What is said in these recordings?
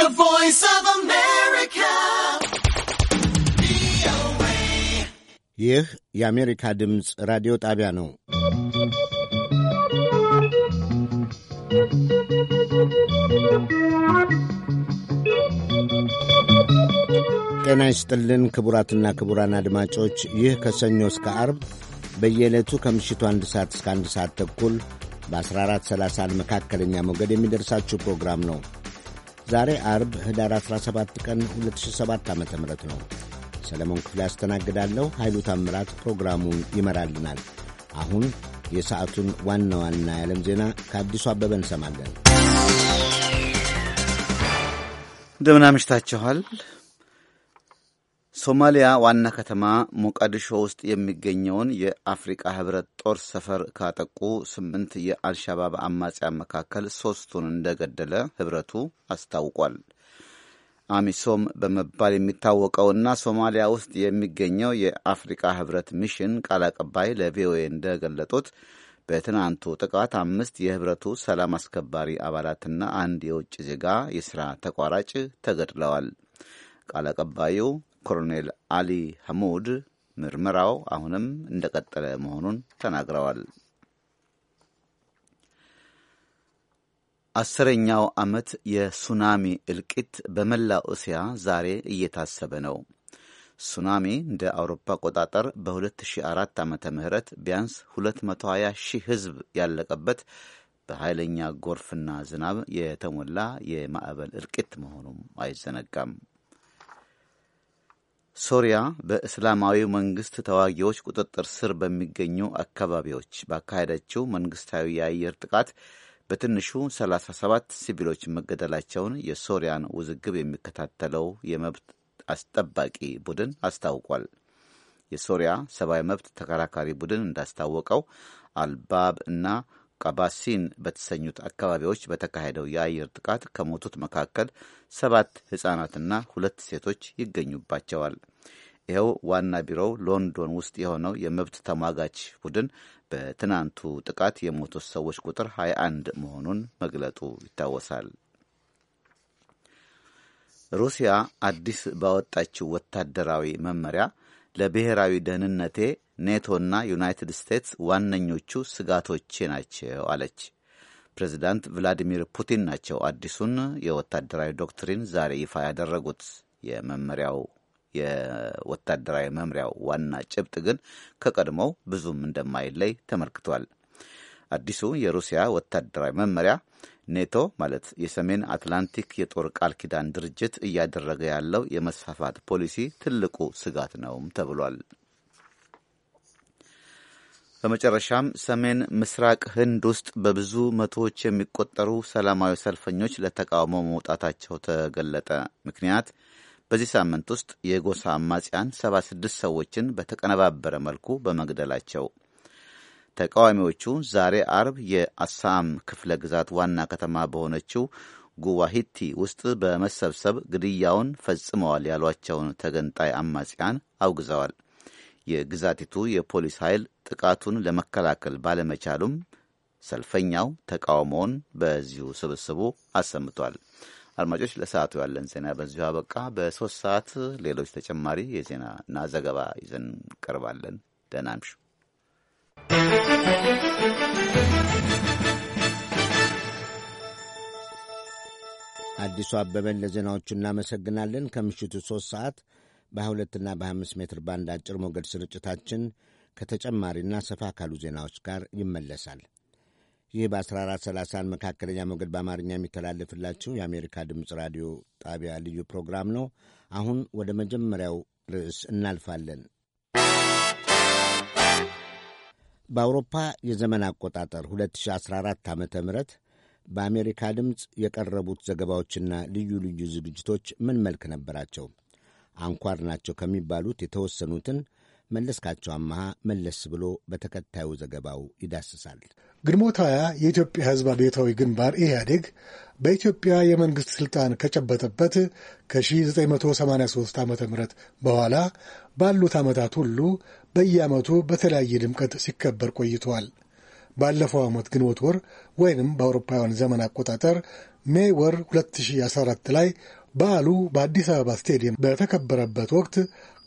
The Voice of America. ይህ የአሜሪካ ድምፅ ራዲዮ ጣቢያ ነው። ጤና ይስጥልን ክቡራትና ክቡራን አድማጮች ይህ ከሰኞ እስከ አርብ በየዕለቱ ከምሽቱ አንድ ሰዓት እስከ አንድ ሰዓት ተኩል በ1430 መካከለኛ ሞገድ የሚደርሳችሁ ፕሮግራም ነው። ዛሬ አርብ ህዳር 17 ቀን 2007 ዓ ም ነው። ሰለሞን ክፍል ያስተናግዳለሁ። ኃይሉ ታምራት ፕሮግራሙን ይመራልናል። አሁን የሰዓቱን ዋና ዋና የዓለም ዜና ከአዲሱ አበበ እንሰማለን። እንደምን አምሽታችኋል። ሶማሊያ ዋና ከተማ ሞቃዲሾ ውስጥ የሚገኘውን የአፍሪቃ ህብረት ጦር ሰፈር ካጠቁ ስምንት የአልሻባብ አማጽያን መካከል ሶስቱን እንደገደለ ህብረቱ አስታውቋል። አሚሶም በመባል የሚታወቀውና ሶማሊያ ውስጥ የሚገኘው የአፍሪቃ ህብረት ሚሽን ቃል አቀባይ ለቪኦኤ እንደገለጡት በትናንቱ ጥቃት አምስት የህብረቱ ሰላም አስከባሪ አባላትና አንድ የውጭ ዜጋ የሥራ ተቋራጭ ተገድለዋል። ቃል አቀባዩ ኮሎኔል አሊ ሐሙድ ምርመራው አሁንም እንደቀጠለ መሆኑን ተናግረዋል። አስረኛው ዓመት የሱናሚ እልቂት በመላ እስያ ዛሬ እየታሰበ ነው። ሱናሚ እንደ አውሮፓ አቆጣጠር በ2004 ዓ ም ቢያንስ 220 ሺህ ሕዝብ ያለቀበት በኃይለኛ ጎርፍና ዝናብ የተሞላ የማዕበል እልቂት መሆኑም አይዘነጋም። ሶሪያ በእስላማዊ መንግስት ተዋጊዎች ቁጥጥር ስር በሚገኙ አካባቢዎች ባካሄደችው መንግስታዊ የአየር ጥቃት በትንሹ 37 ሲቪሎች መገደላቸውን የሶሪያን ውዝግብ የሚከታተለው የመብት አስጠባቂ ቡድን አስታውቋል። የሶሪያ ሰብአዊ መብት ተከራካሪ ቡድን እንዳስታወቀው አልባብ እና ቀባሲን በተሰኙት አካባቢዎች በተካሄደው የአየር ጥቃት ከሞቱት መካከል ሰባት ሕፃናትና ሁለት ሴቶች ይገኙባቸዋል። ይኸው ዋና ቢሮው ሎንዶን ውስጥ የሆነው የመብት ተሟጋች ቡድን በትናንቱ ጥቃት የሞቱት ሰዎች ቁጥር 21 መሆኑን መግለጡ ይታወሳል። ሩሲያ አዲስ ባወጣችው ወታደራዊ መመሪያ ለብሔራዊ ደህንነቴ ኔቶና ዩናይትድ ስቴትስ ዋነኞቹ ስጋቶቼ ናቸው አለች። ፕሬዚዳንት ቭላዲሚር ፑቲን ናቸው አዲሱን የወታደራዊ ዶክትሪን ዛሬ ይፋ ያደረጉት። የመመሪያው የወታደራዊ መምሪያው ዋና ጭብጥ ግን ከቀድሞው ብዙም እንደማይለይ ተመልክቷል። አዲሱ የሩሲያ ወታደራዊ መመሪያ ኔቶ ማለት የሰሜን አትላንቲክ የጦር ቃል ኪዳን ድርጅት እያደረገ ያለው የመስፋፋት ፖሊሲ ትልቁ ስጋት ነውም ተብሏል። በመጨረሻም ሰሜን ምስራቅ ህንድ ውስጥ በብዙ መቶዎች የሚቆጠሩ ሰላማዊ ሰልፈኞች ለተቃውሞ መውጣታቸው ተገለጠ። ምክንያት በዚህ ሳምንት ውስጥ የጎሳ አማጽያን 76 ሰዎችን በተቀነባበረ መልኩ በመግደላቸው። ተቃዋሚዎቹ ዛሬ አርብ የአሳም ክፍለ ግዛት ዋና ከተማ በሆነችው ጉዋሂቲ ውስጥ በመሰብሰብ ግድያውን ፈጽመዋል ያሏቸውን ተገንጣይ አማጽያን አውግዘዋል። የግዛቲቱ የፖሊስ ኃይል ጥቃቱን ለመከላከል ባለመቻሉም ሰልፈኛው ተቃውሞውን በዚሁ ስብስቡ አሰምቷል። አድማጮች፣ ለሰዓቱ ያለን ዜና በዚሁ አበቃ። በሶስት ሰዓት ሌሎች ተጨማሪ የዜናና ዘገባ ይዘን እንቀርባለን። ደህና አዲሱ አበበን ለዜናዎቹ እናመሰግናለን። ከምሽቱ ሶስት ሰዓት በ22ና በ25 ሜትር ባንድ አጭር ሞገድ ስርጭታችን ከተጨማሪና ሰፋ ካሉ ዜናዎች ጋር ይመለሳል። ይህ በ1430 መካከለኛ ሞገድ በአማርኛ የሚተላለፍላችሁ የአሜሪካ ድምፅ ራዲዮ ጣቢያ ልዩ ፕሮግራም ነው። አሁን ወደ መጀመሪያው ርዕስ እናልፋለን። በአውሮፓ የዘመን አቆጣጠር 2014 ዓ ም በአሜሪካ ድምፅ የቀረቡት ዘገባዎችና ልዩ ልዩ ዝግጅቶች ምን መልክ ነበራቸው? አንኳር ናቸው ከሚባሉት የተወሰኑትን መለስካቸው አመሃ መለስ ብሎ በተከታዩ ዘገባው ይዳስሳል። ግንቦት ሃያ የኢትዮጵያ ሕዝብ አብዮታዊ ግንባር ኢህአዴግ በኢትዮጵያ የመንግሥት ሥልጣን ከጨበጠበት ከ1983 ዓ ም በኋላ ባሉት ዓመታት ሁሉ በየዓመቱ በተለያየ ድምቀት ሲከበር ቆይቷል። ባለፈው ዓመት ግንቦት ወር ወይንም በአውሮፓውያን ዘመን አቆጣጠር ሜይ ወር 2014 ላይ በዓሉ በአዲስ አበባ ስቴዲየም በተከበረበት ወቅት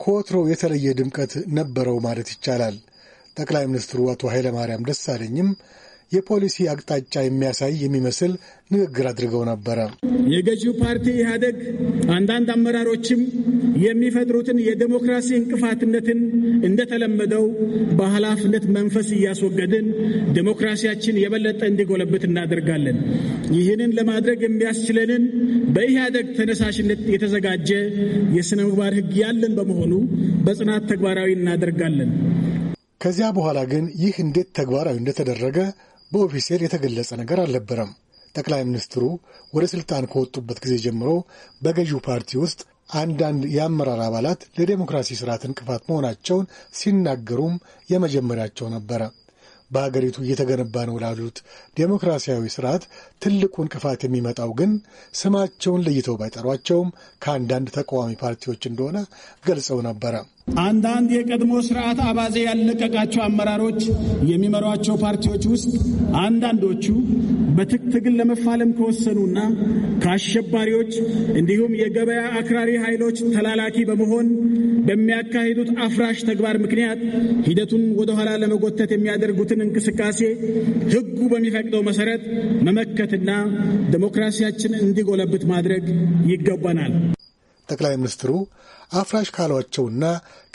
ከወትሮው የተለየ ድምቀት ነበረው ማለት ይቻላል። ጠቅላይ ሚኒስትሩ አቶ ኃይለማርያም ደሳለኝም የፖሊሲ አቅጣጫ የሚያሳይ የሚመስል ንግግር አድርገው ነበረ። የገዢው ፓርቲ ኢህአደግ አንዳንድ አመራሮችም የሚፈጥሩትን የዴሞክራሲ እንቅፋትነትን እንደተለመደው በኃላፊነት መንፈስ እያስወገድን ዴሞክራሲያችን የበለጠ እንዲጎለብት እናደርጋለን። ይህንን ለማድረግ የሚያስችለንን በኢህአደግ ተነሳሽነት የተዘጋጀ የሥነ ምግባር ሕግ ያለን በመሆኑ በጽናት ተግባራዊ እናደርጋለን። ከዚያ በኋላ ግን ይህ እንዴት ተግባራዊ እንደተደረገ በኦፊሴል የተገለጸ ነገር አልነበረም። ጠቅላይ ሚኒስትሩ ወደ ስልጣን ከወጡበት ጊዜ ጀምሮ በገዢው ፓርቲ ውስጥ አንዳንድ የአመራር አባላት ለዴሞክራሲ ስርዓት እንቅፋት መሆናቸውን ሲናገሩም የመጀመሪያቸው ነበረ። በሀገሪቱ እየተገነባ ነው ላሉት ዴሞክራሲያዊ ስርዓት ትልቁ እንቅፋት የሚመጣው ግን ስማቸውን ለይተው ባይጠሯቸውም ከአንዳንድ ተቃዋሚ ፓርቲዎች እንደሆነ ገልጸው ነበረ። አንዳንድ የቀድሞ ስርዓት አባዜ ያለቀቃቸው አመራሮች የሚመሯቸው ፓርቲዎች ውስጥ አንዳንዶቹ በትክትግል ለመፋለም ከወሰኑና ከአሸባሪዎች እንዲሁም የገበያ አክራሪ ኃይሎች ተላላኪ በመሆን በሚያካሂዱት አፍራሽ ተግባር ምክንያት ሂደቱን ወደኋላ ለመጎተት የሚያደርጉትን እንቅስቃሴ ሕጉ በሚፈቅደው መሰረት መመከትና ዴሞክራሲያችን እንዲጎለብት ማድረግ ይገባናል። ጠቅላይ ሚኒስትሩ አፍራሽ ካሏቸውና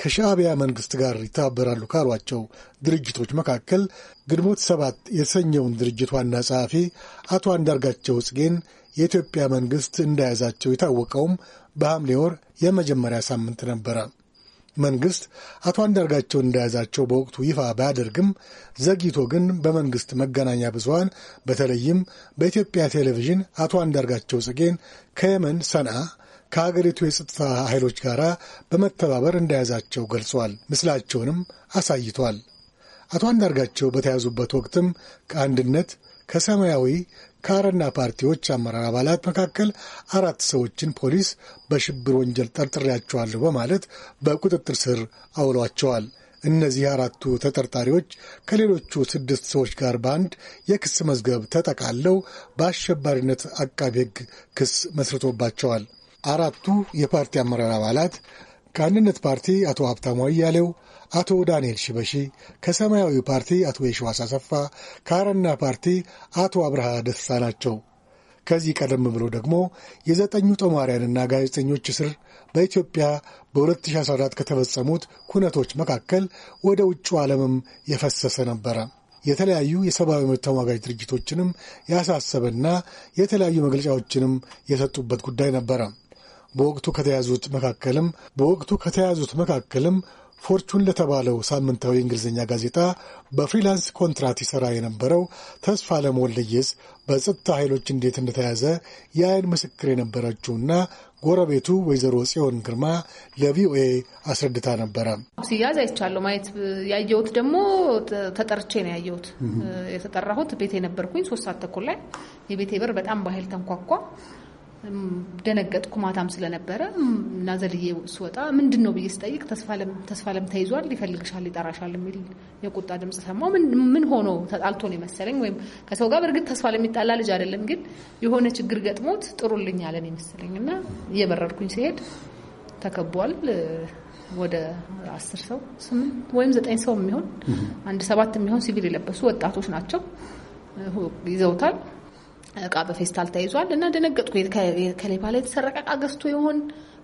ከሻዕቢያ መንግስት ጋር ይተባበራሉ ካሏቸው ድርጅቶች መካከል ግንቦት ሰባት የተሰኘውን ድርጅት ዋና ጸሐፊ አቶ አንዳርጋቸው ጽጌን የኢትዮጵያ መንግስት እንደያዛቸው የታወቀውም በሐምሌ ወር የመጀመሪያ ሳምንት ነበረ። መንግስት አቶ አንዳርጋቸው እንደያዛቸው በወቅቱ ይፋ ባያደርግም ዘግይቶ ግን በመንግስት መገናኛ ብዙሃን በተለይም በኢትዮጵያ ቴሌቪዥን አቶ አንዳርጋቸው ጽጌን ከየመን ሰንዓ ከአገሪቱ የጸጥታ ኃይሎች ጋር በመተባበር እንደያዛቸው ገልጿል። ምስላቸውንም አሳይቷል። አቶ አንዳርጋቸው በተያዙበት ወቅትም ከአንድነት፣ ከሰማያዊ፣ ከአረና ፓርቲዎች አመራር አባላት መካከል አራት ሰዎችን ፖሊስ በሽብር ወንጀል ጠርጥሬያቸዋለሁ በማለት በቁጥጥር ስር አውሏቸዋል። እነዚህ አራቱ ተጠርጣሪዎች ከሌሎቹ ስድስት ሰዎች ጋር በአንድ የክስ መዝገብ ተጠቃለው በአሸባሪነት አቃቤ ሕግ ክስ መስርቶባቸዋል። አራቱ የፓርቲ አመራር አባላት ከአንድነት ፓርቲ አቶ ሀብታሙ አያሌው፣ አቶ ዳንኤል ሽበሺ፣ ከሰማያዊ ፓርቲ አቶ የሸዋስ አሰፋ፣ ከአረና ፓርቲ አቶ አብርሃ ደስታ ናቸው። ከዚህ ቀደም ብሎ ደግሞ የዘጠኙ ጦማሪያንና ጋዜጠኞች እስር በኢትዮጵያ በ2014 ከተፈጸሙት ኩነቶች መካከል ወደ ውጭው ዓለምም የፈሰሰ ነበረ። የተለያዩ የሰብአዊ መብት ተሟጋጅ ድርጅቶችንም ያሳሰበና የተለያዩ መግለጫዎችንም የሰጡበት ጉዳይ ነበረ። በወቅቱ ከተያዙት መካከልም በወቅቱ ከተያዙት መካከልም ፎርቹን ለተባለው ሳምንታዊ እንግሊዝኛ ጋዜጣ በፍሪላንስ ኮንትራት ይሠራ የነበረው ተስፋ ለመወልደየስ በጸጥታ ኃይሎች እንዴት እንደተያዘ የአይን ምስክር የነበረችውና ጎረቤቱ ወይዘሮ ጽዮን ግርማ ለቪኦኤ አስረድታ ነበረ። ሲያዝ አይቻለሁ። ማየት ያየሁት ደግሞ ተጠርቼ ነው ያየሁት። የተጠራሁት ቤቴ ነበርኩኝ። ሶስት ሰዓት ተኩል ላይ የቤቴ በር በጣም በኃይል ተንኳኳ። ደነገጥኩ። ማታም ስለነበረ እና ዘልዬ ስወጣ ምንድን ነው ብዬ ስጠይቅ ተስፋለም ተይዟል፣ ይፈልግሻል፣ ይጠራሻል የሚል የቁጣ ድምፅ ሰማሁ። ምን ሆኖ ተጣልቶ ነው የመሰለኝ ወይም ከሰው ጋር በእርግጥ ተስፋለም የሚጣላ ልጅ አይደለም፣ ግን የሆነ ችግር ገጥሞት ጥሩልኝ ያለን የመሰለኝ እና እየበረርኩኝ ሲሄድ ተከቧል። ወደ አስር ሰው ስምንት ወይም ዘጠኝ ሰው የሚሆን አንድ ሰባት የሚሆን ሲቪል የለበሱ ወጣቶች ናቸው ይዘውታል። እቃ በፌስታል ተይዟል እና ደነገጥኩ። ከሌባ ላይ የተሰረቀ እቃ ገዝቶ ይሆን?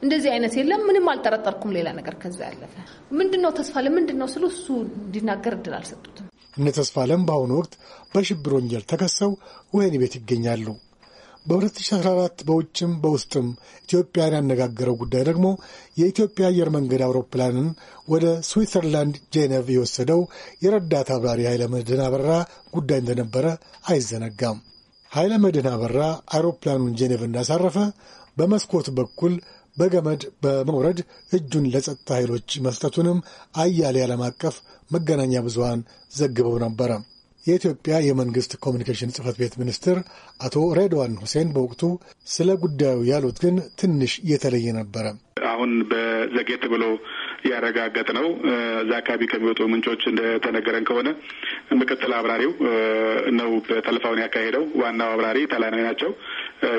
እንደዚህ አይነት የለም። ምንም አልጠረጠርኩም ሌላ ነገር ከዛ ያለፈ። ምንድነው ተስፋ ለምንድነው ስሉ እሱ እንዲናገር እድል አልሰጡትም። እነ ለም በአሁኑ ወቅት በሽብር ወንጀል ተከሰው ወህኒ ቤት ይገኛሉ። በ2014 በውጭም በውስጥም ኢትዮጵያን ያነጋገረው ጉዳይ ደግሞ የኢትዮጵያ አየር መንገድ አውሮፕላንን ወደ ስዊትዘርላንድ ጄኔቭ የወሰደው የረዳት አብራሪ ኃይለመድህን አበራ ጉዳይ እንደነበረ አይዘነጋም። ኃይለ መድህን አበራ አይሮፕላኑን ጄኔቭ እንዳሳረፈ በመስኮት በኩል በገመድ በመውረድ እጁን ለጸጥታ ኃይሎች መስጠቱንም አያሌ ዓለም አቀፍ መገናኛ ብዙሃን ዘግበው ነበረ። የኢትዮጵያ የመንግሥት ኮሚኒኬሽን ጽህፈት ቤት ሚኒስትር አቶ ሬድዋን ሁሴን በወቅቱ ስለ ጉዳዩ ያሉት ግን ትንሽ የተለየ ነበረ። አሁን በዘጌት ብሎ ያረጋገጥ ነው። እዛ አካባቢ ከሚወጡ ምንጮች እንደተነገረን ከሆነ ምክትል አብራሪው ነው ጠለፋውን ያካሄደው። ዋናው አብራሪ ታላናዊ ናቸው።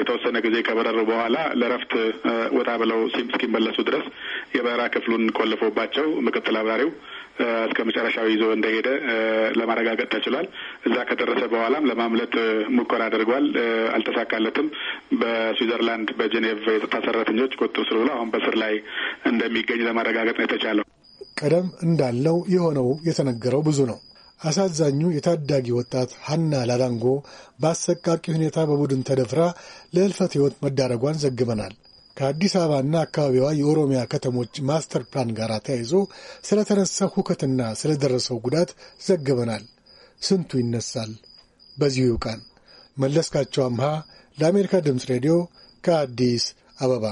የተወሰነ ጊዜ ከበረሩ በኋላ ለረፍት ወጣ ብለው ሲም እስኪመለሱ ድረስ የበረራ ክፍሉን ቆልፎባቸው ምክትል አብራሪው እስከ መጨረሻው ይዞ እንደሄደ ለማረጋገጥ ተችሏል። እዛ ከደረሰ በኋላም ለማምለጥ ሙከራ አድርጓል፣ አልተሳካለትም። በስዊዘርላንድ በጄኔቭ የጸጥታ ሰራተኞች ቁጥጥር ስር ብለው አሁን በስር ላይ እንደሚገኝ ለማረጋገጥ ነው የተቻለው። ቀደም እንዳለው የሆነው የተነገረው ብዙ ነው። አሳዛኙ የታዳጊ ወጣት ሀና ላላንጎ በአሰቃቂ ሁኔታ በቡድን ተደፍራ ለህልፈት ህይወት መዳረጓን ዘግበናል። ከአዲስ አበባና አካባቢዋ የኦሮሚያ ከተሞች ማስተር ፕላን ጋር ተያይዞ ስለተነሳ ሁከትና ስለደረሰው ጉዳት ዘግበናል። ስንቱ ይነሳል። በዚሁ ይውቃል። መለስካቸው አምሃ ለአሜሪካ ድምፅ ሬዲዮ ከአዲስ አበባ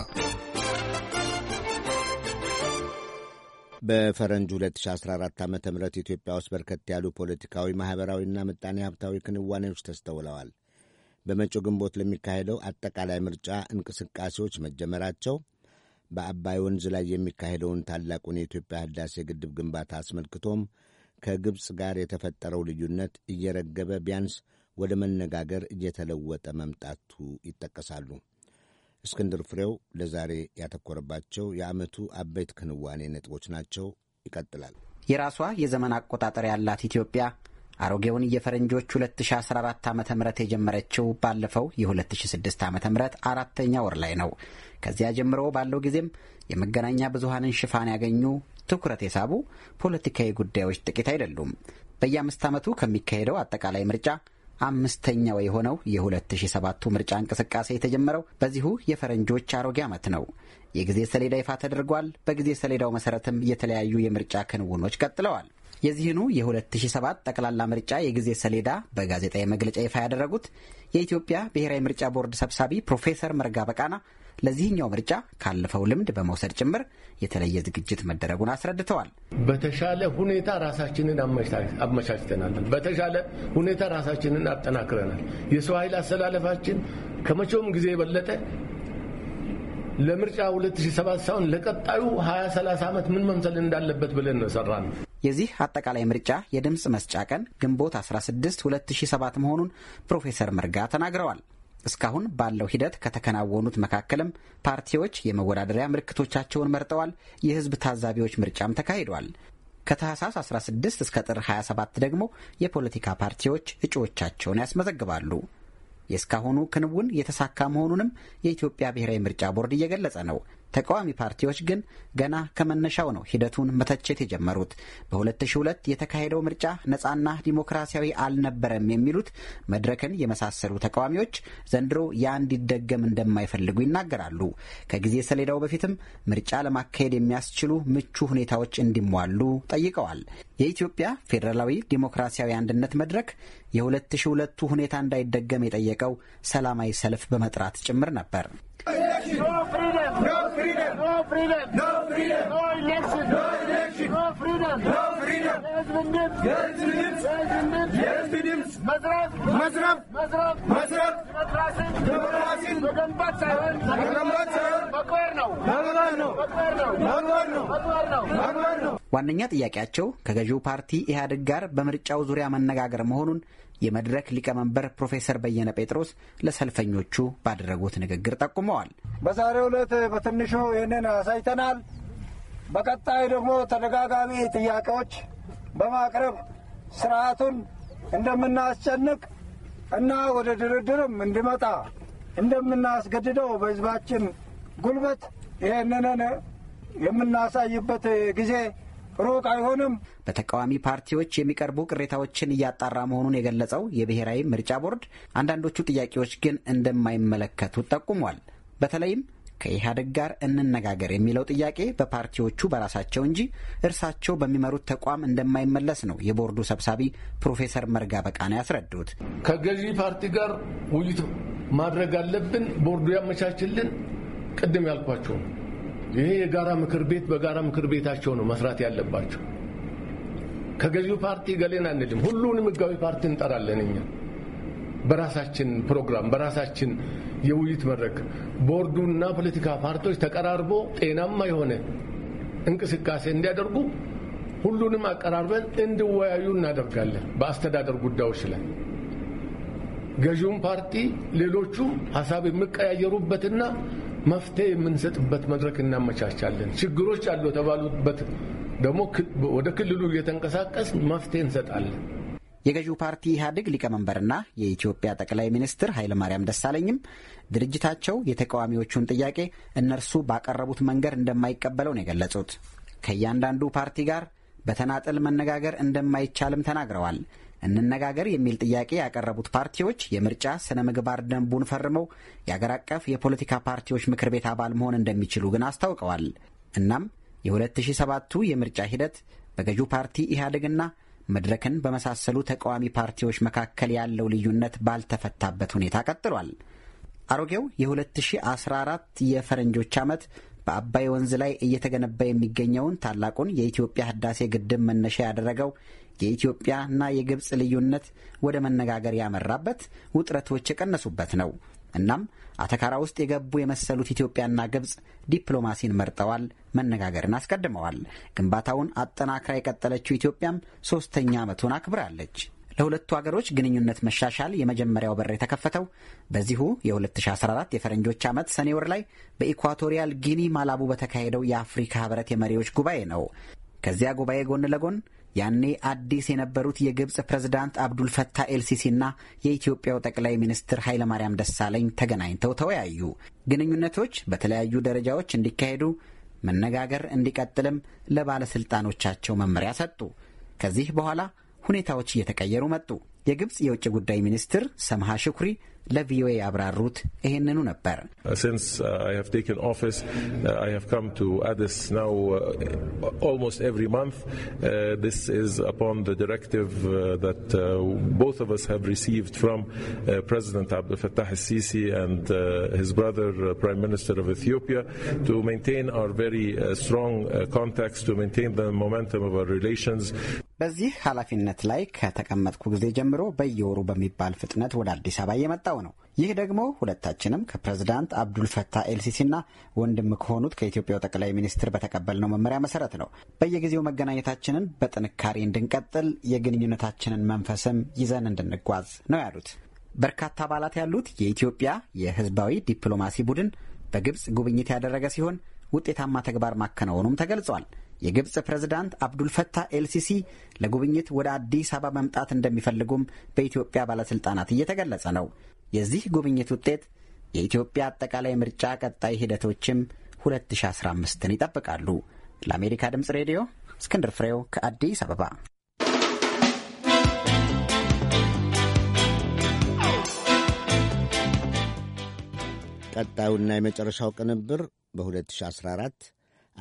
በፈረንጅ 2014 ዓ ም ኢትዮጵያ ውስጥ በርከት ያሉ ፖለቲካዊ፣ ማኅበራዊና ምጣኔ ሀብታዊ ክንዋኔዎች ተስተውለዋል። በመጪው ግንቦት ለሚካሄደው አጠቃላይ ምርጫ እንቅስቃሴዎች መጀመራቸው፣ በአባይ ወንዝ ላይ የሚካሄደውን ታላቁን የኢትዮጵያ ህዳሴ ግድብ ግንባታ አስመልክቶም ከግብፅ ጋር የተፈጠረው ልዩነት እየረገበ ቢያንስ ወደ መነጋገር እየተለወጠ መምጣቱ ይጠቀሳሉ። እስክንድር ፍሬው ለዛሬ ያተኮረባቸው የዓመቱ አበይት ክንዋኔ ነጥቦች ናቸው። ይቀጥላል። የራሷ የዘመን አቆጣጠር ያላት ኢትዮጵያ አሮጌውን የፈረንጆች 2014 ዓ ም የጀመረችው ባለፈው የ2006 ዓ ም አራተኛ ወር ላይ ነው። ከዚያ ጀምሮ ባለው ጊዜም የመገናኛ ብዙሃንን ሽፋን ያገኙ ትኩረት የሳቡ ፖለቲካዊ ጉዳዮች ጥቂት አይደሉም። በየአምስት ዓመቱ ከሚካሄደው አጠቃላይ ምርጫ አምስተኛው የሆነው የ2007ቱ ምርጫ እንቅስቃሴ የተጀመረው በዚሁ የፈረንጆች አሮጌ ዓመት ነው። የጊዜ ሰሌዳ ይፋ ተደርጓል። በጊዜ ሰሌዳው መሰረትም የተለያዩ የምርጫ ክንውኖች ቀጥለዋል። የዚህኑ የ2007 ጠቅላላ ምርጫ የጊዜ ሰሌዳ በጋዜጣዊ መግለጫ ይፋ ያደረጉት የኢትዮጵያ ብሔራዊ ምርጫ ቦርድ ሰብሳቢ ፕሮፌሰር መርጋ በቃና ለዚህኛው ምርጫ ካለፈው ልምድ በመውሰድ ጭምር የተለየ ዝግጅት መደረጉን አስረድተዋል። በተሻለ ሁኔታ ራሳችንን አመቻችተናል። በተሻለ ሁኔታ ራሳችንን አጠናክረናል። የሰው ኃይል አሰላለፋችን ከመቼውም ጊዜ የበለጠ ለምርጫ 2007 ሳይሆን ለቀጣዩ 20 30 ዓመት ምን መምሰል እንዳለበት ብለን ነው ሰራነው። የዚህ አጠቃላይ ምርጫ የድምፅ መስጫ ቀን ግንቦት 16 2007 መሆኑን ፕሮፌሰር መርጋ ተናግረዋል። እስካሁን ባለው ሂደት ከተከናወኑት መካከልም ፓርቲዎች የመወዳደሪያ ምልክቶቻቸውን መርጠዋል። የህዝብ ታዛቢዎች ምርጫም ተካሂዷል። ከታህሳስ 16 እስከ ጥር 27 ደግሞ የፖለቲካ ፓርቲዎች እጩዎቻቸውን ያስመዘግባሉ። የእስካሁኑ ክንውን የተሳካ መሆኑንም የኢትዮጵያ ብሔራዊ ምርጫ ቦርድ እየገለጸ ነው። ተቃዋሚ ፓርቲዎች ግን ገና ከመነሻው ነው ሂደቱን መተቸት የጀመሩት። በ2002 የተካሄደው ምርጫ ነፃና ዲሞክራሲያዊ አልነበረም የሚሉት መድረክን የመሳሰሉ ተቃዋሚዎች ዘንድሮ ያ እንዲደገም እንደማይፈልጉ ይናገራሉ። ከጊዜ ሰሌዳው በፊትም ምርጫ ለማካሄድ የሚያስችሉ ምቹ ሁኔታዎች እንዲሟሉ ጠይቀዋል። የኢትዮጵያ ፌዴራላዊ ዲሞክራሲያዊ አንድነት መድረክ የ2002ቱ ሁኔታ እንዳይደገም የጠየቀው ሰላማዊ ሰልፍ በመጥራት ጭምር ነበር። freedom! No freedom! No election! No election! No freedom! No freedom! መዝረፍ! መዝረፍ! መዝረፍ! መዝረፍ! ዲሞክራሲን! ዲሞክራሲን! መገንባት ሳይሆን መገንባት ሳይሆን መቅበር ነው! ነው! ነው! ነው! ነው! ነው! ዋነኛ ጥያቄያቸው ከገዢው ፓርቲ ኢህአዴግ ጋር በምርጫው ዙሪያ መነጋገር መሆኑን የመድረክ ሊቀመንበር ፕሮፌሰር በየነ ጴጥሮስ ለሰልፈኞቹ ባደረጉት ንግግር ጠቁመዋል። በዛሬው ዕለት በትንሹ ይህንን አሳይተናል። በቀጣይ ደግሞ ተደጋጋሚ ጥያቄዎች በማቅረብ ስርዓቱን እንደምናስጨንቅ እና ወደ ድርድርም እንዲመጣ እንደምናስገድደው በህዝባችን ጉልበት ይህንን የምናሳይበት ጊዜ ሩቅ አይሆንም። በተቃዋሚ ፓርቲዎች የሚቀርቡ ቅሬታዎችን እያጣራ መሆኑን የገለጸው የብሔራዊ ምርጫ ቦርድ አንዳንዶቹ ጥያቄዎች ግን እንደማይመለከቱ ጠቁሟል። በተለይም ከኢህአዴግ ጋር እንነጋገር የሚለው ጥያቄ በፓርቲዎቹ በራሳቸው እንጂ እርሳቸው በሚመሩት ተቋም እንደማይመለስ ነው የቦርዱ ሰብሳቢ ፕሮፌሰር መርጋ በቃና ያስረዱት። ከገዢ ፓርቲ ጋር ውይይት ማድረግ አለብን። ቦርዱ ያመቻችልን ቅድም ያልኳቸው ይሄ የጋራ ምክር ቤት በጋራ ምክር ቤታቸው ነው መስራት ያለባቸው። ከገዢው ፓርቲ ገሌን አንልም። ሁሉንም ህጋዊ ፓርቲ እንጠራለን እኛ በራሳችን ፕሮግራም በራሳችን የውይይት መድረክ ቦርዱና ፖለቲካ ፓርቲዎች ተቀራርቦ ጤናማ የሆነ እንቅስቃሴ እንዲያደርጉ ሁሉንም አቀራርበን እንዲወያዩ እናደርጋለን። በአስተዳደር ጉዳዮች ላይ ገዢውም ፓርቲ ሌሎቹም ሀሳብ የሚቀያየሩበትና መፍትሄ የምንሰጥበት መድረክ እናመቻቻለን። ችግሮች አሉ የተባሉበት ደግሞ ወደ ክልሉ እየተንቀሳቀስ መፍትሄ እንሰጣለን። የገዢው ፓርቲ ኢህአዴግ ሊቀመንበርና የኢትዮጵያ ጠቅላይ ሚኒስትር ኃይለማርያም ደሳለኝም ድርጅታቸው የተቃዋሚዎቹን ጥያቄ እነርሱ ባቀረቡት መንገድ እንደማይቀበለው ነው የገለጹት። ከእያንዳንዱ ፓርቲ ጋር በተናጠል መነጋገር እንደማይቻልም ተናግረዋል። እንነጋገር የሚል ጥያቄ ያቀረቡት ፓርቲዎች የምርጫ ስነ ምግባር ደንቡን ፈርመው የአገር አቀፍ የፖለቲካ ፓርቲዎች ምክር ቤት አባል መሆን እንደሚችሉ ግን አስታውቀዋል። እናም የ2007ቱ የምርጫ ሂደት በገዢው ፓርቲ ኢህአዴግና መድረክን በመሳሰሉ ተቃዋሚ ፓርቲዎች መካከል ያለው ልዩነት ባልተፈታበት ሁኔታ ቀጥሏል። አሮጌው የ2014 የፈረንጆች ዓመት በአባይ ወንዝ ላይ እየተገነባ የሚገኘውን ታላቁን የኢትዮጵያ ህዳሴ ግድብ መነሻ ያደረገው የኢትዮጵያና የግብፅ ልዩነት ወደ መነጋገር ያመራበት፣ ውጥረቶች የቀነሱበት ነው። እናም አተካራ ውስጥ የገቡ የመሰሉት ኢትዮጵያና ግብፅ ዲፕሎማሲን መርጠዋል፣ መነጋገርን አስቀድመዋል። ግንባታውን አጠናክራ የቀጠለችው ኢትዮጵያም ሶስተኛ ዓመቱን አክብራለች። ለሁለቱ አገሮች ግንኙነት መሻሻል የመጀመሪያው በር የተከፈተው በዚሁ የ2014 የፈረንጆች ዓመት ሰኔ ወር ላይ በኢኳቶሪያል ጊኒ ማላቡ በተካሄደው የአፍሪካ ህብረት የመሪዎች ጉባኤ ነው። ከዚያ ጉባኤ ጎን ለጎን ያኔ አዲስ የነበሩት የግብፅ ፕሬዝዳንት አብዱልፈታ ኤልሲሲና የኢትዮጵያው ጠቅላይ ሚኒስትር ኃይለማርያም ደሳለኝ ተገናኝተው ተወያዩ። ግንኙነቶች በተለያዩ ደረጃዎች እንዲካሄዱ መነጋገር እንዲቀጥልም ለባለስልጣኖቻቸው መመሪያ ሰጡ። ከዚህ በኋላ ሁኔታዎች እየተቀየሩ መጡ። የግብፅ የውጭ ጉዳይ ሚኒስትር ሰምሃ ሽኩሪ ለቪኦኤ ያብራሩት ይህንኑ ነበር። በዚህ ኃላፊነት ላይ ከተቀመጥኩ ጊዜ ጀምሮ በየወሩ በሚባል ፍጥነት ወደ አዲስ አበባ የመጣው ሌላው ነው። ይህ ደግሞ ሁለታችንም ከፕሬዝዳንት አብዱልፈታህ ኤልሲሲና ወንድም ከሆኑት ከኢትዮጵያው ጠቅላይ ሚኒስትር በተቀበልነው መመሪያ መሰረት ነው። በየጊዜው መገናኘታችንን በጥንካሬ እንድንቀጥል የግንኙነታችንን መንፈስም ይዘን እንድንጓዝ ነው ያሉት። በርካታ አባላት ያሉት የኢትዮጵያ የህዝባዊ ዲፕሎማሲ ቡድን በግብፅ ጉብኝት ያደረገ ሲሆን ውጤታማ ተግባር ማከናወኑም ተገልጿል። የግብፅ ፕሬዝዳንት አብዱልፈታህ ኤልሲሲ ለጉብኝት ወደ አዲስ አበባ መምጣት እንደሚፈልጉም በኢትዮጵያ ባለስልጣናት እየተገለጸ ነው። የዚህ ጉብኝት ውጤት የኢትዮጵያ አጠቃላይ ምርጫ ቀጣይ ሂደቶችም 2015ን ይጠብቃሉ። ለአሜሪካ ድምፅ ሬዲዮ እስክንድር ፍሬው ከአዲስ አበባ። ቀጣዩና የመጨረሻው ቅንብር በ2014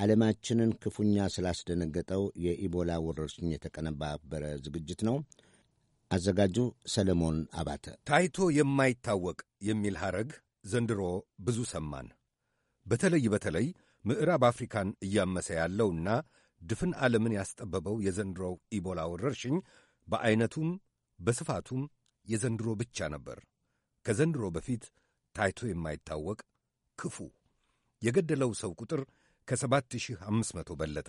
ዓለማችንን ክፉኛ ስላስደነገጠው የኢቦላ ወረርሽኝ የተቀነባበረ ዝግጅት ነው። አዘጋጁ ሰለሞን አባተ። ታይቶ የማይታወቅ የሚል ሐረግ ዘንድሮ ብዙ ሰማን። በተለይ በተለይ ምዕራብ አፍሪካን እያመሰ ያለውና ድፍን ዓለምን ያስጠበበው የዘንድሮው ኢቦላ ወረርሽኝ በዐይነቱም በስፋቱም የዘንድሮ ብቻ ነበር። ከዘንድሮ በፊት ታይቶ የማይታወቅ ክፉ የገደለው ሰው ቁጥር ከ7500 በለጠ።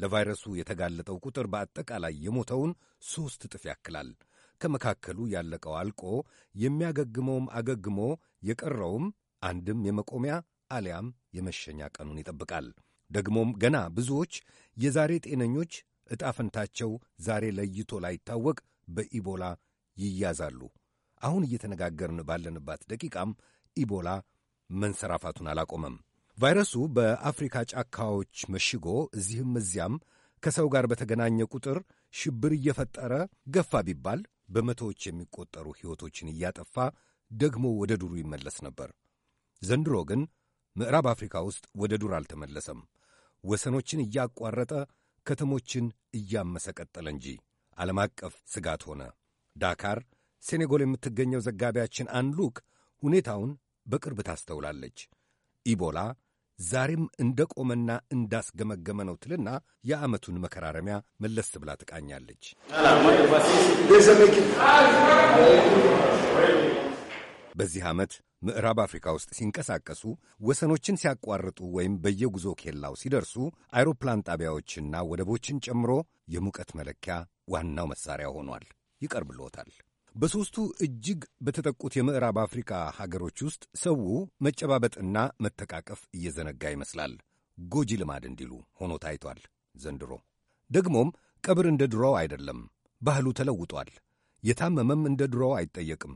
ለቫይረሱ የተጋለጠው ቁጥር በአጠቃላይ የሞተውን ሦስት እጥፍ ያክላል። ከመካከሉ ያለቀው አልቆ የሚያገግመውም አገግሞ የቀረውም አንድም የመቆሚያ አሊያም የመሸኛ ቀኑን ይጠብቃል። ደግሞም ገና ብዙዎች የዛሬ ጤነኞች ዕጣ ፈንታቸው ዛሬ ለይቶ ላይታወቅ በኢቦላ ይያዛሉ። አሁን እየተነጋገርን ባለንባት ደቂቃም ኢቦላ መንሰራፋቱን አላቆመም። ቫይረሱ በአፍሪካ ጫካዎች መሽጎ እዚህም እዚያም ከሰው ጋር በተገናኘ ቁጥር ሽብር እየፈጠረ ገፋ ቢባል በመቶዎች የሚቆጠሩ ሕይወቶችን እያጠፋ ደግሞ ወደ ዱሩ ይመለስ ነበር። ዘንድሮ ግን ምዕራብ አፍሪካ ውስጥ ወደ ዱር አልተመለሰም፣ ወሰኖችን እያቋረጠ ከተሞችን እያመሰቀጠለ እንጂ ዓለም አቀፍ ስጋት ሆነ። ዳካር ሴኔጎል የምትገኘው ዘጋቢያችን አንሉክ ሁኔታውን በቅርብ ታስተውላለች። ኢቦላ ዛሬም እንደቆመና እንዳስገመገመ ነው ትልና የዓመቱን መከራረሚያ መለስ ብላ ትቃኛለች። በዚህ ዓመት ምዕራብ አፍሪካ ውስጥ ሲንቀሳቀሱ ወሰኖችን ሲያቋርጡ ወይም በየጉዞ ኬላው ሲደርሱ አይሮፕላን ጣቢያዎችና ወደቦችን ጨምሮ የሙቀት መለኪያ ዋናው መሳሪያ ሆኗል። ይቀርብልዎታል። በሦስቱ እጅግ በተጠቁት የምዕራብ አፍሪካ ሀገሮች ውስጥ ሰው መጨባበጥና መተቃቀፍ እየዘነጋ ይመስላል። ጎጂ ልማድ እንዲሉ ሆኖ ታይቷል። ዘንድሮ ደግሞም ቀብር እንደ ድሮው አይደለም። ባህሉ ተለውጧል። የታመመም እንደ ድሮው አይጠየቅም።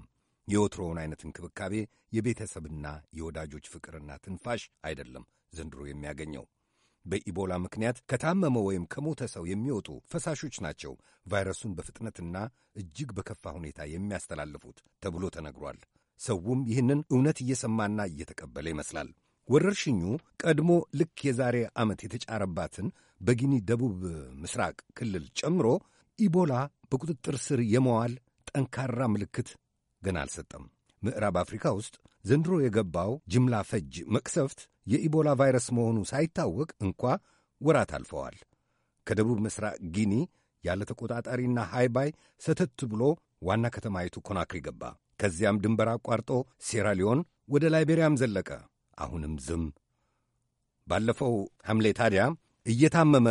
የወትሮውን አይነት እንክብካቤ፣ የቤተሰብና የወዳጆች ፍቅርና ትንፋሽ አይደለም ዘንድሮ የሚያገኘው። በኢቦላ ምክንያት ከታመመ ወይም ከሞተ ሰው የሚወጡ ፈሳሾች ናቸው ቫይረሱን በፍጥነትና እጅግ በከፋ ሁኔታ የሚያስተላልፉት ተብሎ ተነግሯል። ሰውም ይህንን እውነት እየሰማና እየተቀበለ ይመስላል። ወረርሽኙ ቀድሞ ልክ የዛሬ ዓመት የተጫረባትን በጊኒ ደቡብ ምስራቅ ክልል ጨምሮ ኢቦላ በቁጥጥር ስር የመዋል ጠንካራ ምልክት ገና አልሰጠም። ምዕራብ አፍሪካ ውስጥ ዘንድሮ የገባው ጅምላ ፈጅ መቅሰፍት የኢቦላ ቫይረስ መሆኑ ሳይታወቅ እንኳ ወራት አልፈዋል። ከደቡብ ምስራቅ ጊኒ ያለ ተቆጣጣሪና ሃይባይ ሰተት ብሎ ዋና ከተማይቱ ኮናክሪ ገባ። ከዚያም ድንበር አቋርጦ ሴራሊዮን ወደ ላይቤሪያም ዘለቀ። አሁንም ዝም። ባለፈው ሐምሌ ታዲያ እየታመመ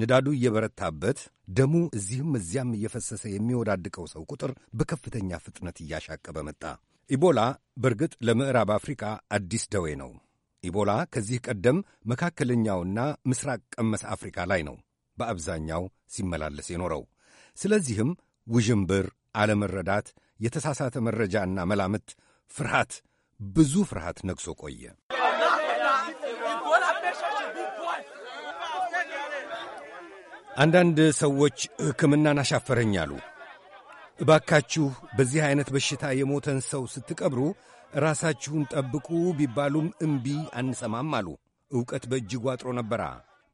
ንዳዱ እየበረታበት ደሙ እዚህም እዚያም እየፈሰሰ የሚወዳድቀው ሰው ቁጥር በከፍተኛ ፍጥነት እያሻቀበ መጣ። ኢቦላ በእርግጥ ለምዕራብ አፍሪካ አዲስ ደዌ ነው። ኢቦላ ከዚህ ቀደም መካከለኛውና ምስራቅ ቀመስ አፍሪካ ላይ ነው በአብዛኛው ሲመላለስ የኖረው። ስለዚህም ውዥንብር፣ አለመረዳት፣ የተሳሳተ መረጃና መላምት፣ ፍርሃት፣ ብዙ ፍርሃት ነግሶ ቆየ። አንዳንድ ሰዎች ሕክምናን አሻፈረኝ አሉ። እባካችሁ በዚህ ዐይነት በሽታ የሞተን ሰው ስትቀብሩ ራሳችሁን ጠብቁ ቢባሉም እምቢ አንሰማም አሉ። ዕውቀት በእጅጉ አጥሮ ነበራ።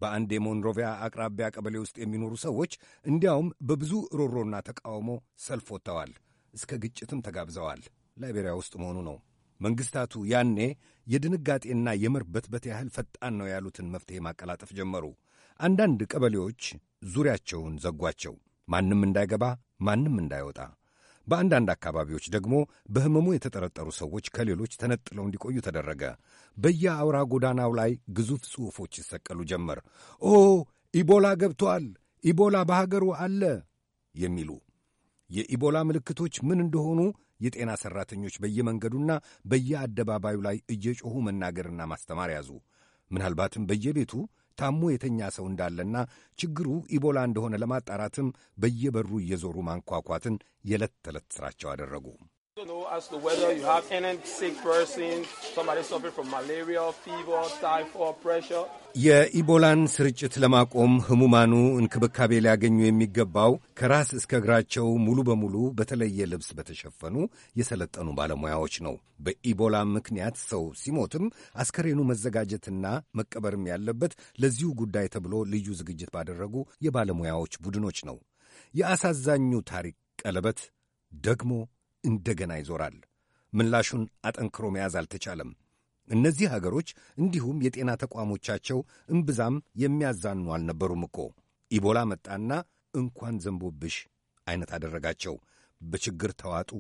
በአንድ የሞንሮቪያ አቅራቢያ ቀበሌ ውስጥ የሚኖሩ ሰዎች እንዲያውም በብዙ ሮሮና ተቃውሞ ሰልፍ ወጥተዋል። እስከ ግጭትም ተጋብዘዋል። ላይቤሪያ ውስጥ መሆኑ ነው። መንግሥታቱ ያኔ የድንጋጤና የመርበትበት ያህል ፈጣን ነው ያሉትን መፍትሔ ማቀላጠፍ ጀመሩ። አንዳንድ ቀበሌዎች ዙሪያቸውን ዘጓቸው። ማንም እንዳይገባ፣ ማንም እንዳይወጣ፣ በአንዳንድ አካባቢዎች ደግሞ በሕመሙ የተጠረጠሩ ሰዎች ከሌሎች ተነጥለው እንዲቆዩ ተደረገ። በየአውራ ጎዳናው ላይ ግዙፍ ጽሑፎች ይሰቀሉ ጀመር። ኦ ኢቦላ ገብቷል፣ ኢቦላ በሀገሩ አለ የሚሉ የኢቦላ ምልክቶች ምን እንደሆኑ የጤና ሠራተኞች በየመንገዱና በየአደባባዩ ላይ እየጮኹ መናገርና ማስተማር ያዙ። ምናልባትም በየቤቱ ታሞ የተኛ ሰው እንዳለና ችግሩ ኢቦላ እንደሆነ ለማጣራትም በየበሩ እየዞሩ ማንኳኳትን የዕለት ተዕለት ሥራቸው አደረጉ። know as to whether you have any sick person, somebody suffering from malaria, fever, typhoid, pressure. የኢቦላን ስርጭት ለማቆም ህሙማኑ እንክብካቤ ሊያገኙ የሚገባው ከራስ እስከ እግራቸው ሙሉ በሙሉ በተለየ ልብስ በተሸፈኑ የሰለጠኑ ባለሙያዎች ነው። በኢቦላ ምክንያት ሰው ሲሞትም አስከሬኑ መዘጋጀትና መቀበርም ያለበት ለዚሁ ጉዳይ ተብሎ ልዩ ዝግጅት ባደረጉ የባለሙያዎች ቡድኖች ነው። የአሳዛኙ ታሪክ ቀለበት ደግሞ እንደገና ይዞራል። ምላሹን አጠንክሮ መያዝ አልተቻለም። እነዚህ ሀገሮች እንዲሁም የጤና ተቋሞቻቸው እምብዛም የሚያዛኑ አልነበሩም እኮ። ኢቦላ መጣና እንኳን ዘንቦብሽ አይነት አደረጋቸው። በችግር ተዋጡ፣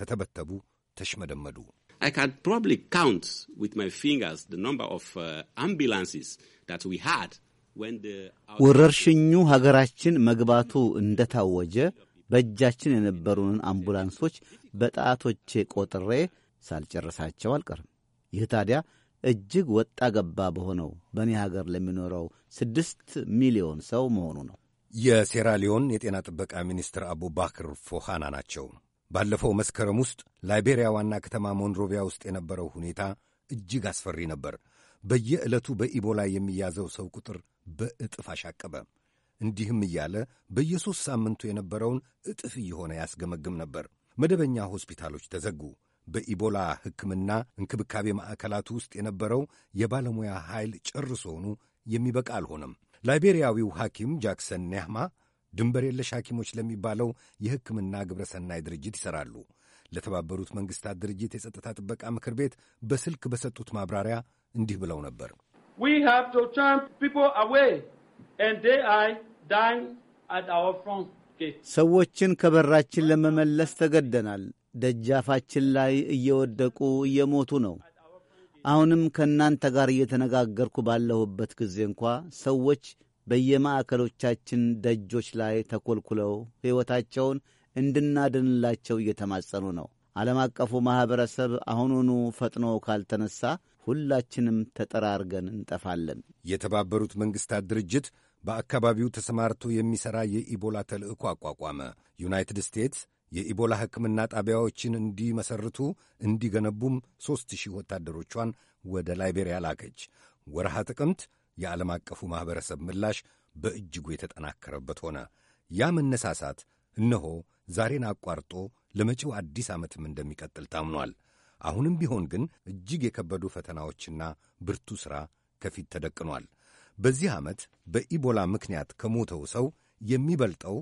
ተተበተቡ፣ ተሽመደመዱ። uh, ወረርሽኙ ሀገራችን መግባቱ እንደታወጀ በእጃችን የነበሩንን አምቡላንሶች በጣቶቼ ቆጥሬ ሳልጨርሳቸው አልቀርም። ይህ ታዲያ እጅግ ወጣ ገባ በሆነው በእኔ ሀገር ለሚኖረው ስድስት ሚሊዮን ሰው መሆኑ ነው። የሴራሊዮን የጤና ጥበቃ ሚኒስትር አቡባክር ፎሃና ናቸው። ባለፈው መስከረም ውስጥ ላይቤሪያ ዋና ከተማ ሞንሮቪያ ውስጥ የነበረው ሁኔታ እጅግ አስፈሪ ነበር። በየዕለቱ በኢቦላ የሚያዘው ሰው ቁጥር በእጥፍ አሻቀበ። እንዲህም እያለ በየሦስት ሳምንቱ የነበረውን እጥፍ እየሆነ ያስገመግም ነበር። መደበኛ ሆስፒታሎች ተዘጉ። በኢቦላ ሕክምና እንክብካቤ ማዕከላት ውስጥ የነበረው የባለሙያ ኃይል ጨርሶውኑ የሚበቃ አልሆነም። ላይቤሪያዊው ሐኪም ጃክሰን ኒያማ ድንበር የለሽ ሐኪሞች ለሚባለው የሕክምና ግብረሰናይ ድርጅት ይሠራሉ። ለተባበሩት መንግሥታት ድርጅት የጸጥታ ጥበቃ ምክር ቤት በስልክ በሰጡት ማብራሪያ እንዲህ ብለው ነበር። ሰዎች ሃቭ ቱ ተርን ፒፕል አዌይ ኤንድ ሰዎችን ከበራችን ለመመለስ ተገደናል። ደጃፋችን ላይ እየወደቁ እየሞቱ ነው። አሁንም ከእናንተ ጋር እየተነጋገርኩ ባለሁበት ጊዜ እንኳ ሰዎች በየማዕከሎቻችን ደጆች ላይ ተኰልኩለው ሕይወታቸውን እንድናድንላቸው እየተማጸኑ ነው። ዓለም አቀፉ ማኅበረሰብ አሁኑኑ ፈጥኖ ካልተነሣ ሁላችንም ተጠራርገን እንጠፋለን። የተባበሩት መንግሥታት ድርጅት በአካባቢው ተሰማርቶ የሚሠራ የኢቦላ ተልዕኮ አቋቋመ። ዩናይትድ ስቴትስ የኢቦላ ሕክምና ጣቢያዎችን እንዲመሰርቱ እንዲገነቡም ሦስት ሺህ ወታደሮቿን ወደ ላይቤሪያ ላከች። ወርሃ ጥቅምት የዓለም አቀፉ ማኅበረሰብ ምላሽ በእጅጉ የተጠናከረበት ሆነ። ያ መነሳሳት እነሆ ዛሬን አቋርጦ ለመጪው አዲስ ዓመትም እንደሚቀጥል ታምኗል። አሁንም ቢሆን ግን እጅግ የከበዱ ፈተናዎችና ብርቱ ሥራ ከፊት ተደቅኗል። በዚህ ዓመት በኢቦላ ምክንያት ከሞተው ሰው የሚበልጠው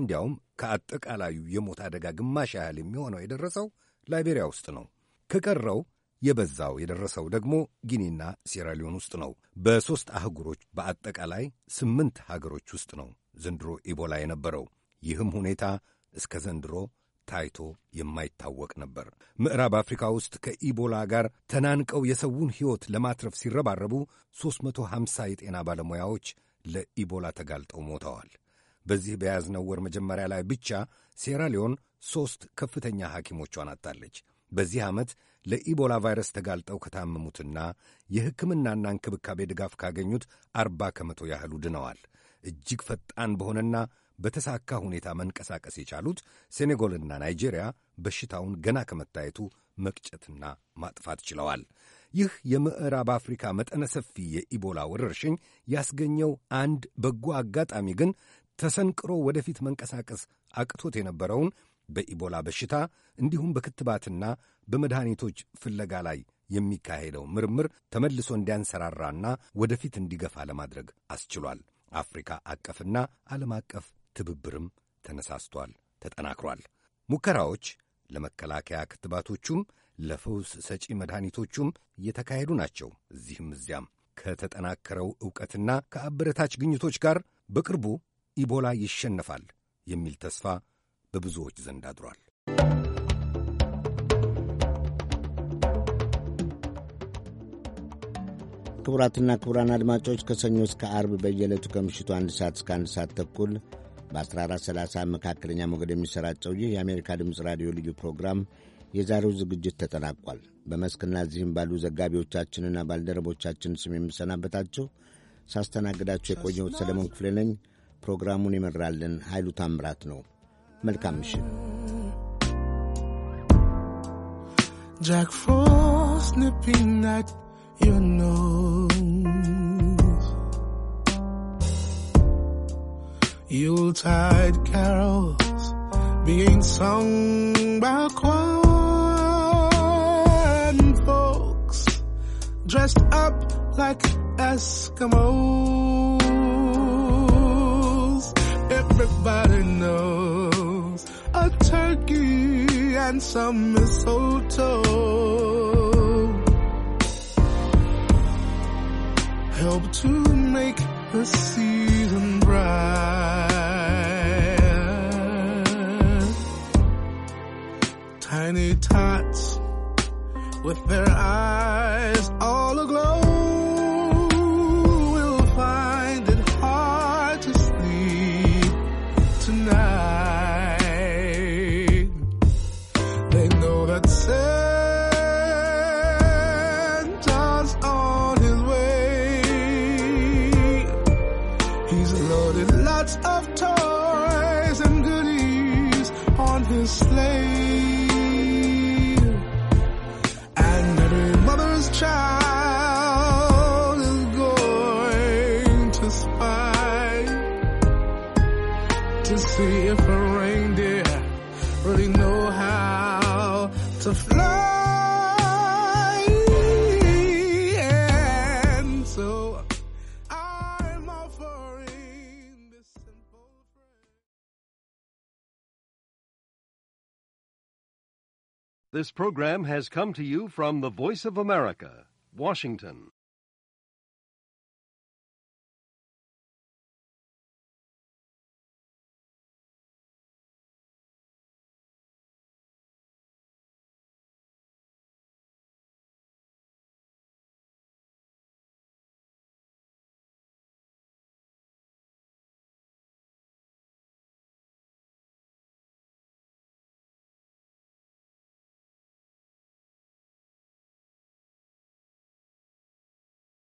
እንዲያውም ከአጠቃላዩ የሞት አደጋ ግማሽ ያህል የሚሆነው የደረሰው ላይቤሪያ ውስጥ ነው። ከቀረው የበዛው የደረሰው ደግሞ ጊኒና ሴራሊዮን ውስጥ ነው። በሦስት አህጉሮች በአጠቃላይ ስምንት ሀገሮች ውስጥ ነው ዘንድሮ ኢቦላ የነበረው። ይህም ሁኔታ እስከ ዘንድሮ ታይቶ የማይታወቅ ነበር። ምዕራብ አፍሪካ ውስጥ ከኢቦላ ጋር ተናንቀው የሰውን ሕይወት ለማትረፍ ሲረባረቡ 350 የጤና ባለሙያዎች ለኢቦላ ተጋልጠው ሞተዋል። በዚህ በያዝነው ወር መጀመሪያ ላይ ብቻ ሴራሊዮን ሦስት ከፍተኛ ሐኪሞቿን አጣለች። በዚህ ዓመት ለኢቦላ ቫይረስ ተጋልጠው ከታመሙትና የሕክምናና እንክብካቤ ድጋፍ ካገኙት አርባ ከመቶ ያህሉ ድነዋል። እጅግ ፈጣን በሆነና በተሳካ ሁኔታ መንቀሳቀስ የቻሉት ሴኔጎልና ናይጄሪያ በሽታውን ገና ከመታየቱ መቅጨትና ማጥፋት ችለዋል። ይህ የምዕራብ አፍሪካ መጠነ ሰፊ የኢቦላ ወረርሽኝ ያስገኘው አንድ በጎ አጋጣሚ ግን ተሰንቅሮ ወደፊት መንቀሳቀስ አቅቶት የነበረውን በኢቦላ በሽታ እንዲሁም በክትባትና በመድኃኒቶች ፍለጋ ላይ የሚካሄደው ምርምር ተመልሶ እንዲያንሰራራና ወደፊት እንዲገፋ ለማድረግ አስችሏል። አፍሪካ አቀፍና ዓለም አቀፍ ትብብርም ተነሳስቷል፣ ተጠናክሯል። ሙከራዎች ለመከላከያ ክትባቶቹም ለፈውስ ሰጪ መድኃኒቶቹም እየተካሄዱ ናቸው። እዚህም እዚያም ከተጠናከረው ዕውቀትና ከአበረታች ግኝቶች ጋር በቅርቡ ኢቦላ ይሸነፋል የሚል ተስፋ በብዙዎች ዘንድ አድሯል። ክቡራትና ክቡራን አድማጮች ከሰኞ እስከ አርብ በየዕለቱ ከምሽቱ አንድ ሰዓት እስከ አንድ ሰዓት ተኩል በ1430 መካከለኛ ሞገድ የሚሰራጨው ይህ የአሜሪካ ድምፅ ራዲዮ ልዩ ፕሮግራም የዛሬው ዝግጅት ተጠናቋል። በመስክና እዚህም ባሉ ዘጋቢዎቻችንና ባልደረቦቻችን ስም የምሰናበታቸው ሳስተናግዳቸው የቆየሁት ሰለሞን ክፍሌ ነኝ። ፕሮግራሙን ይመራልን ኃይሉ ታምራት ነው። መልካም ምሽት። Jack Frost nipping at your nose Yuletide carols being sung by choir folks dressed up like Eskimos. Everybody knows a turkey and some mistletoe help to make the season bright. with their eyes to see if a reindeer really know how to fly. And so I'm offering this simple This program has come to you from the Voice of America, Washington.